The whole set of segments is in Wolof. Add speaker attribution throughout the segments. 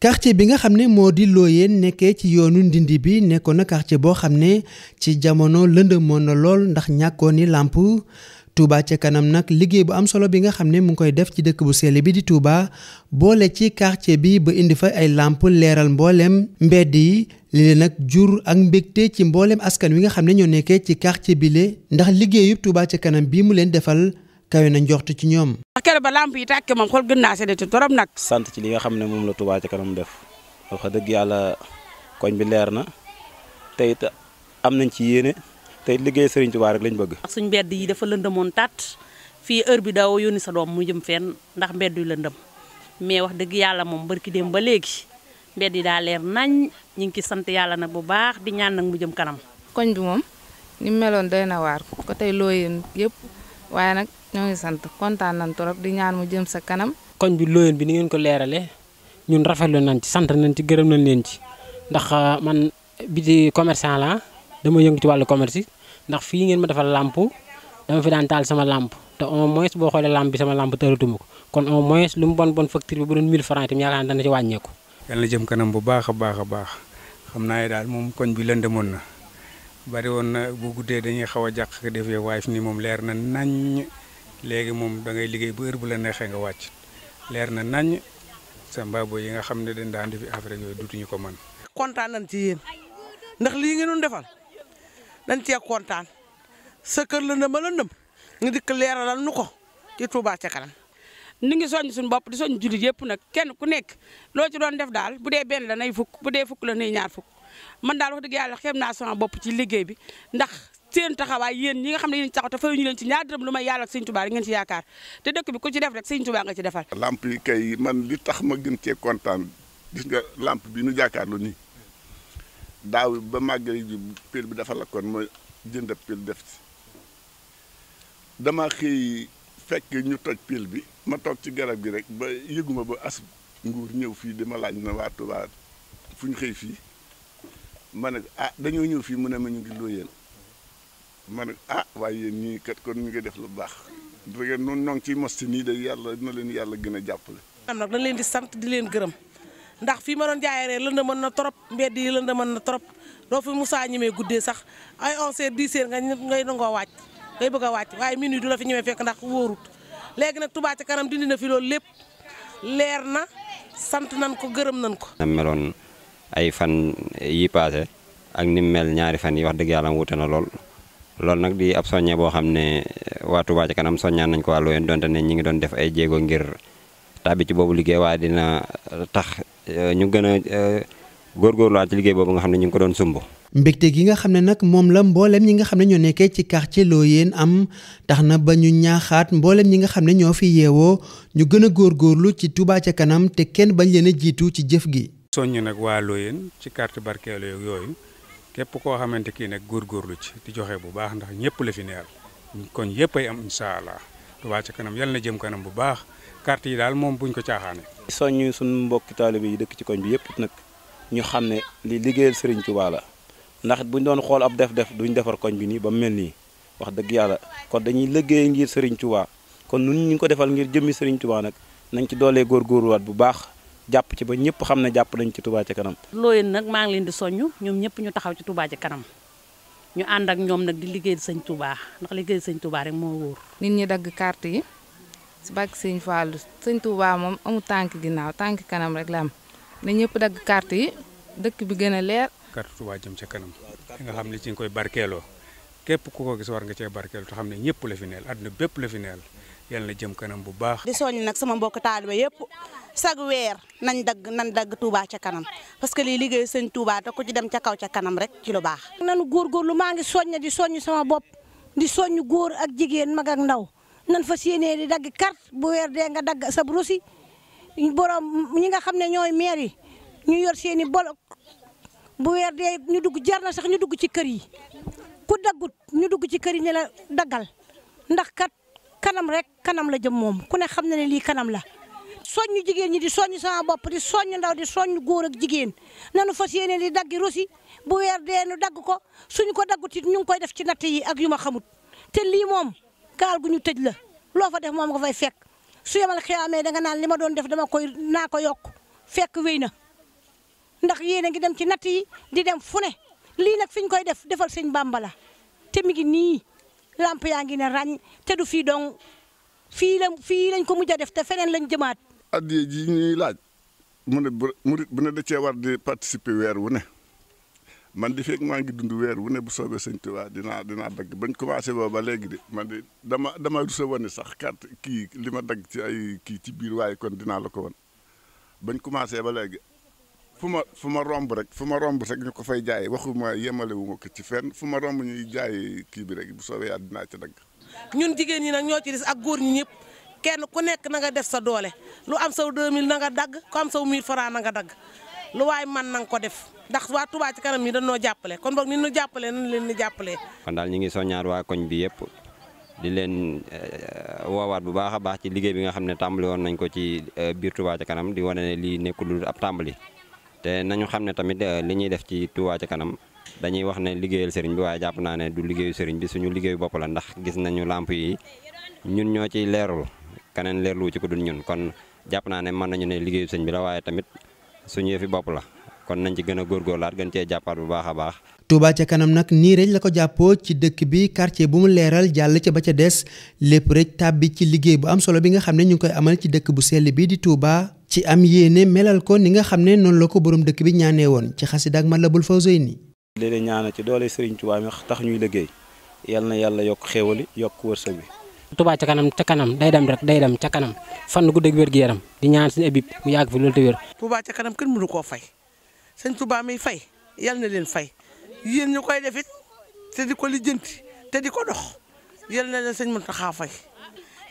Speaker 1: quartier bi nga xam ne moo di Looyeen nekkee ci yoonu Ndindi bi nekkoon na quartier boo xam ne ci jamono lëndëmoon na lool ndax ñàkkoon ni làmp tuubaa ca kanam nag liggéey bu am solo bi nga xam ne mu ngi koy def ci dëkk bu sell bi di Touba boole ci quartier bi ba indi fa ay làmp leeral mbooleem mbedd yi lii nag jur ak mbégte ci mboolem askan wi nga xam ne ñoo nekkee ci quartier bi le ndax liggéeyub Touba ca kanam bi mu leen defal kawe na njort ci ñoom. ndax
Speaker 2: keroog ba lamp yi tàkkee moom xool gën naa séddati torop nag. sant ci li nga xam ne moom la Touba ca kanam def wax dëgg yàlla koñ bi leer na te am nañ ci yéene te it liggéey Serigne bëgg. ndax
Speaker 3: suñ mbedd yi dafa lëndëmoon tat fii heure bi daaw yónni sa doom mu jëm fenn ndax mbedd yu lëndëm mais wax dëgg yàlla moom barki dem ba léegi mbedd yi daa leer nañ ñu ngi ci sant yàlla nag bu baax di ñaan nag mu jëm kanam.
Speaker 1: koñ bi moom ni meloon doy na waar ko tey looyeen yëpp waaye nag ñoo ngi sant kontaan nañ trop di ñaan mu jëm sa kanam. koñ bi looyeen bi ni ngeen ko leeralee ñun rafetlu nañ ci sant nañ ci gërëm nañ leen ci ndax euh, man bi di commerçant la dama yëngu ci wàllu commerce ndax fii ngeen ma defal làmp dama fi daan taal sama làmp te au moins boo xoolee làmp bi sama làmp tëratuma ko kon au moins lu mu bon bon facture
Speaker 3: bi bu doon 1000 francs itam yaakaar naa ci wàññeeku. yàlla jëm kanam bu baax a baax a baax xam naa ne daal moom koñ bi lëndëmoon na bari woon na bu guddee dañuy xaw a jàq ko ni moom leer na léegi moom da ngay liggéey bu heure bu la neexee nga wàcc leer na nañ sa mbaabo yi nga xam ne dañ daan defi affaire yooyu dutuñu ko mën. kontaan nañ ci yéen ndax lii ngeen doon defal dañ cee kontaan sa kër la ndëm a la nga dikk leeralal nu ko ci Touba ca kanam. ni ngi soññ suñu bopp di soññ jullit yëpp nag kenn ku nekk loo ci doon def daal bu dee benn la nay fukk bu dee fukk la ni ñaar fukk man daal wax dëgg yàlla xem naa sama bopp ci liggéey bi ndax. seen taxawaay yéen ñi nga xam ne yéen taxaw te fayu ñu leen ci ñaar dërëm lu may yàlla ak sëñ Tuubaa ngeen te dëkk bi ku ci def rek sëñ Tuubaa nga ci defal
Speaker 4: lamp man li tax ma gën cee kontaan gis nga lamp bi nu jaakaarlu nii daaw ba màggal ji pile bi dafa lakkoon ma jënd pile def ci dama xëy fekk ñu toj pile bi ma toog ci garab gi rek ba yëguma ba as nguur ñëw fii di ma laaj na waa Tuubaa ñu xëy fii ma ne ah dañoo ñëw fii mu ne ma ñu ngi loo yéen ma ne ah waaye yéen ñii kat kon ñu ngi def lu baax dëgg noonu ñoo ngi ciy mos ci nii de yàlla na leen yàlla gën a jàpp
Speaker 3: am nag dañ leen di sant di leen gërëm ndax fii ma doon jaayee rek lënd mën na trop mbedd yi lënd mën na trop doo fi musaa ñemee guddee sax ay 11h 10h nga ngay nangoo waaj ngay bëgg a wàcc waaye minuit du la fi ñemee fekk ndax wóorut léegi nag tubaat ci kanam dindi na fi loolu lépp leer na sant nañ ko gërëm nañ ko.
Speaker 2: na meloon ay fan yi paase ak ni mu mel ñaari fan yi wax dëgg yàlla wuute na lool. loolu nag di ab soññe boo xam ne waa Touba Ca Kanam soññaan nañ ko wàllu yoon donte ne ñi ngi doon def ay jéego ngir tàbbi ci boobu liggéey waa dina euh, tax euh, ñu gën a euh, góorgóorluwaat ci liggéey boobu nga xam ne ñu ngi ko doon sumb.
Speaker 1: mbégte gi nga xam ne nag moom la mboolem ñi nga xam ne ñoo nekkee ci quartier Loyène am tax na ba ñu ñaaxaat mboolem ñi nga xam ne ñoo fi yeewoo ñu gën a góorgóorlu ci Touba Ca Kanam te kenn bañ leen a jiitu ci jëf gi.
Speaker 3: soññ nag waa Loyène ci carte barkeelu yooyu képp koo xamante kii nag góorgóorlu ci di joxe bu baax ndax ñëpp la fi neel kon yëpp ay am incha allah Touba ca kanam yal na jëm kanam bu baax carte yi daal moom buñ ko caaxaane
Speaker 2: soññu suñu mbokki taalibe yi dëkk ci koñ bi yëpp nag ñu xam ne li liggéeyal Serigne Touba la ndax ñu doon xool ab def-def duñ defar koñ bi nii ba mu mel nii wax dëgg yàlla kon dañuy liggéey ngir Serigne Touba kon nun ñu ngi ko defal ngir jëmmi Serigne Touba nag nañ ci doolee góorgóorluwaat bu baax jàpp ci ba ñëpp xam ne jàpp nañ ci tubaa ci kanam.
Speaker 3: looyeen nag maa ngi leen di soññ ñoom ñëpp ñu taxaw ci tubaa ci kanam ñu ànd ak ñoom nag di liggéey sëñ Touba ndax liggéey sañ Touba rek moo wóor. ñi dagg carte yi si bàkk sëñ Fallou sëñ Touba moom amu tànk
Speaker 1: ginnaaw tànk kanam rek la am na ñëpp dagg carte yi dëkk bi gën a leer.
Speaker 3: carte Touba jëm ca kanam nga xam ne ci nga koy barkeeloo képp ku ko gis war nga cee barkeeloo te xam ne ñëpp la fi neel àdduna bépp la fi neel yàlla na jëm kanam bu baax. di soññ nag sama mbokk taaliba yëpp sag weer nañ dagg nañ dagg Touba ca kanam parce que lii liggéey sëñ Touba da ko ci dem ca kaw ca kanam rek ci lu baax. nanu góor góor góorgóorlu maa ngi soññ di soññ sama bopp di soññ góor ak jigéen mag ndaw nan fa yéenee di dagg carte bu weer dee nga dagg sab rusi borom ñi nga xam ne ñooy maire yi ñu yor seen i bolok bu weer dee ñu dugg jar na sax ñu dugg ci kër yi ku daggut ñu dugg ci kër yi ñu la daggal kanam rek kanam la jëm moom ku ne xam na ne lii kanam la soññu jigéen ñi di soññu sama bopp di soññu ndaw di soññu góor ak jigéen nanu fas yéene di daggi rusi bu weer dee daggu ko suñu ko daggu it ñu ngi koy def ci natt yi ak yu ma xamut te lii moom gaal gu ñu tëj la loo fa def moom nga fay fekk su yemal xiyaamee danga naan li ma doon def dama koy naa ko yokk fekk wéy na ndax yéen a ngi dem ci natt yi di dem fu ne lii nag fi koy def defal sëñ Bàmba te mi ngi nii lamp yaa ngi ne ràññ te du fii dong fii la fii lañ ko mujj a def te feneen lañ a
Speaker 4: addiya ji ñuy laaj mu ne murit bu ne da cee war di participer weer wu ne man di fekk maa ngi dund weer wu ne bu soobee sëñ Tuubaa dinaa dinaa dagg bañ commencé booba ba léegi de man de dama dama rusa wane sax carte kii li ma dagg ci ay kii ci biir waaye kon dinaa la ko wan bañ commencé ba léegi fu ma fu ma romb rek fu ma romb rek ñu ko fay jaay waxuma yemale wu ma ko ci fenn fu ma romb ñu jaay kii bi rek bu soobee yàlla dinaa ci dagg.
Speaker 3: ñun jigéen ñi nag ñoo ci des ak góor ñi ñëpp kenn ku nekk na nga def sa doole lu am saw 2000 na nga dagg ku am saw 1000 francs na nga dagg lu waay man na nga ko def ndax waa Touba ci kanam yi noo jàppale kon boog ni ñu jàppalee leen di jàppalee.
Speaker 2: kon daal ñu ngi soññaar waa koñ bi yëpp di leen eh, woowaat bu baax a baax ci liggéey bi nga xam ne tàmbali woon nañ ko ci eh, biir Touba ci kanam di wane ne lii nekkul ab tàmbali te nañu xam ne tamit euh, li ñuy def ci Touba ca kanam dañuy wax ne liggéeyal sëriñ bi waaye jàpp naa ne du liggéeyu sëriñ bi suñu liggéeyu bopp la ndax gis nañu làmp yi ñun ñoo ciy leerul keneen leerlu ci ko dul ñun kon jàpp naa ne mën nañu ne liggéeyu sëñ bi la waaye tamit suñu yëfi bopp la kon nañ ci gën a góor góorgóorlaat gën cee jàppaat bu baax a baax.
Speaker 1: Touba ca kanam nag nii rek la ko jàppoo ci dëkk bi quartier bu mu leeral jàll ca ba ca des lépp rek tàbbi ci liggéey bu am solo bi nga xam ne ñu ngi koy amal ci dëkk bu sell bi di Touba ci am yéene melal ko ni nga xam ne noonu la ko boroom dëkk bi ñaanee woon ci xasida ak Matlabul Fawzayni.
Speaker 2: di leen ñaanal ci doole Serigne Touba mi tax ñuy liggéey yal na yàlla yokk xéwali yokk wërsëg bi.
Speaker 1: tubaat ca kanam ca kanam day dem rek day dem ca kanam fan gu dëgg wér gi yaram di ñaan suñu Habib mu yàgg fi loolu te wér. Touba ca kanam kenn mënu koo fay sëñ Touba mi fay yal na leen fay
Speaker 3: yéen ñu koy def it te di ko lijjanti te di ko dox yal na leen sëñ Mountakha fay.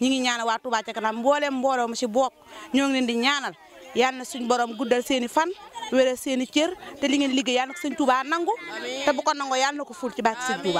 Speaker 3: ñi ngi ñaanal waa Touba ca kanam mbooleem mbooloo mu si bokk ñoo ngi leen di ñaanal yal na suñ borom guddal seen fan wéral seen i cër te li ngeen liggéey yal na ko nangu te bu ko nangoo yal na ko ful ci bàkki sëñ